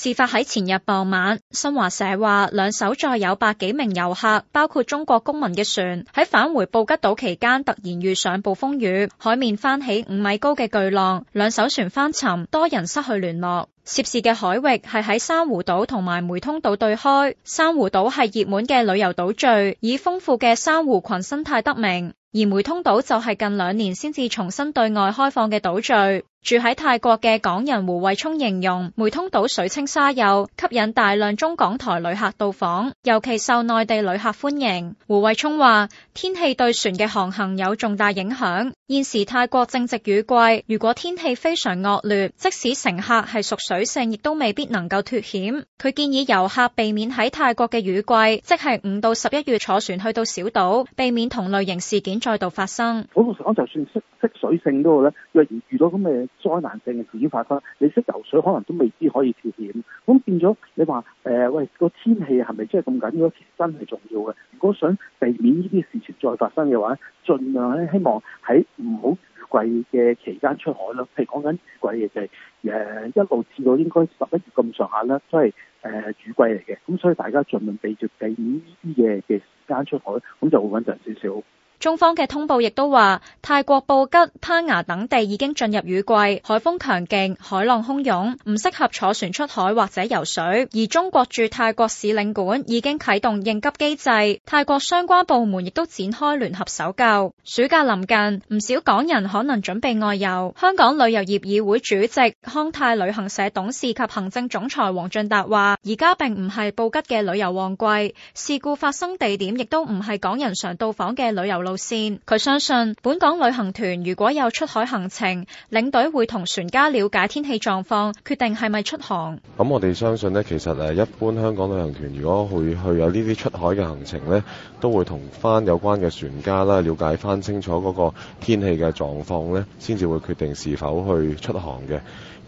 事發喺前日傍晚，新華社話，兩艘載有百幾名遊客，包括中國公民嘅船，喺返回布吉島期間，突然遇上暴風雨，海面翻起五米高嘅巨浪，兩艘船翻沉，多人失去聯絡。涉事嘅海域係喺珊瑚島同埋梅通島對開，珊瑚島係熱門嘅旅遊島嶼，以豐富嘅珊瑚群生態得名，而梅通島就係近兩年先至重新對外開放嘅島嶼。住喺泰國嘅港人胡慧聰形容梅通島水清沙幼，吸引大量中港台旅客到訪，尤其受內地旅客歡迎。胡慧聰話：天氣對船嘅航行有重大影響。現時泰國正值雨季，如果天氣非常惡劣，即使乘客係熟水性，亦都未必能夠脫險。佢建議遊客避免喺泰國嘅雨季，即係五到十一月坐船去到小島，避免同類型事件再度發生。好，我就算識識水性都好咧，若然遇到咁嘅災難性嘅事件發生，你識游水可能都未知可以脫險，咁變咗你話誒、呃、喂個天氣係咪真係咁緊要？其實真係重要嘅。如果想避免呢啲事情再發生嘅話，儘量咧希望喺唔好雨季嘅期間出海咯。譬如講緊雨季嘅就係、是、誒一路至到應該十一月咁上下啦，都係誒雨季嚟嘅。咁、呃、所以大家儘量避著避免呢啲嘢嘅時間出海，咁就會穩陣少少。中方嘅通報亦都話，泰國布吉、攀牙等地已經進入雨季，海風強勁，海浪洶湧，唔適合坐船出海或者游水。而中國駐泰國使領館已經啟動應急機制，泰國相關部門亦都展開聯合搜救。暑假臨近，唔少港人可能準備外遊。香港旅遊業議會主席康泰旅行社董事及行政總裁黃進達話，而家並唔係布吉嘅旅遊旺季，事故發生地點亦都唔係港人常到訪嘅旅遊。路線，佢相信本港旅行團如果有出海行程，領隊會同船家了解天氣狀況，決定係咪出航。咁我哋相信呢，其實誒，一般香港旅行團如果會去有呢啲出海嘅行程呢，都會同翻有關嘅船家啦，了解翻清楚嗰個天氣嘅狀況呢，先至會決定是否去出航嘅。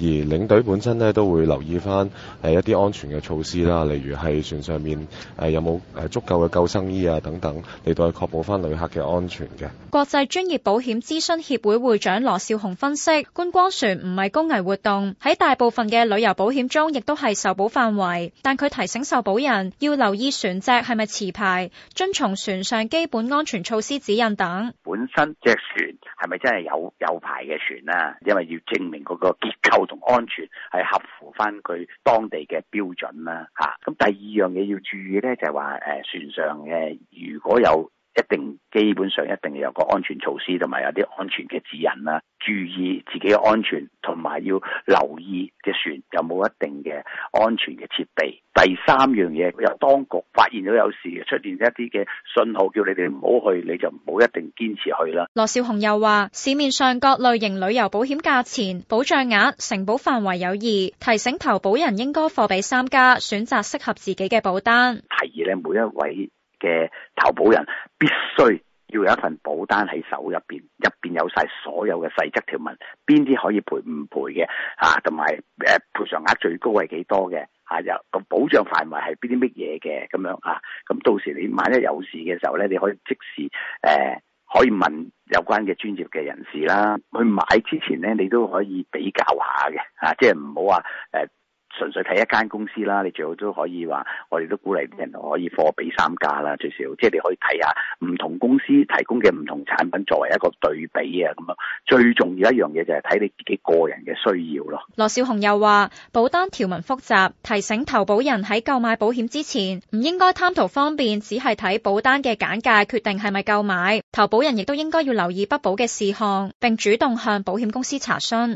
而領隊本身呢，都會留意翻誒一啲安全嘅措施啦，例如係船上面誒有冇誒足夠嘅救生衣啊等等，嚟到確保翻旅客嘅。安全嘅。國際專業保險諮詢協會會長羅少雄分析，觀光船唔係高危活動，喺大部分嘅旅遊保險中亦都係受保範圍，但佢提醒受保人要留意船隻係咪持牌、遵從船上基本安全措施指引等。本身隻船係咪真係有有牌嘅船啊，因為要證明嗰個結構同安全係合乎翻佢當地嘅標準啦、啊。吓，咁第二樣嘢要注意咧，就係話誒船上嘅如果有一定基本上一定有個安全措施，同埋有啲安全嘅指引啦。注意自己嘅安全，同埋要留意隻船有冇一定嘅安全嘅設備。第三樣嘢，由當局發現咗有事出現一啲嘅信號，叫你哋唔好去，你就唔好一定堅持去啦。羅少雄又話：市面上各類型旅遊保險，價錢、保障額、承保範圍有異，提醒投保人應該貨比三家，選擇適合自己嘅保單。提議咧，每一位。嘅投保人必須要有一份保單喺手入邊，入邊有晒所有嘅細則條文，邊啲可以賠唔賠嘅嚇，同埋誒賠償額最高係幾多嘅吓，又、啊、個保障範圍係邊啲乜嘢嘅咁樣啊？咁到時你萬一有事嘅時候咧，你可以即時誒、呃、可以問有關嘅專業嘅人士啦。去買之前咧，你都可以比較下嘅吓，即係唔好話誒。就是純粹睇一間公司啦，你最好都可以話，我哋都鼓勵啲人可以貨比三家啦，最少即係你可以睇下唔同公司提供嘅唔同產品作為一個對比啊咁樣。最重要一樣嘢就係睇你自己個人嘅需要咯。羅少紅又話，保單條文複雜，提醒投保人喺購買保險之前，唔應該貪圖方便，只係睇保單嘅簡介決定係咪購買。投保人亦都應該要留意不保嘅事項，並主動向保險公司查詢。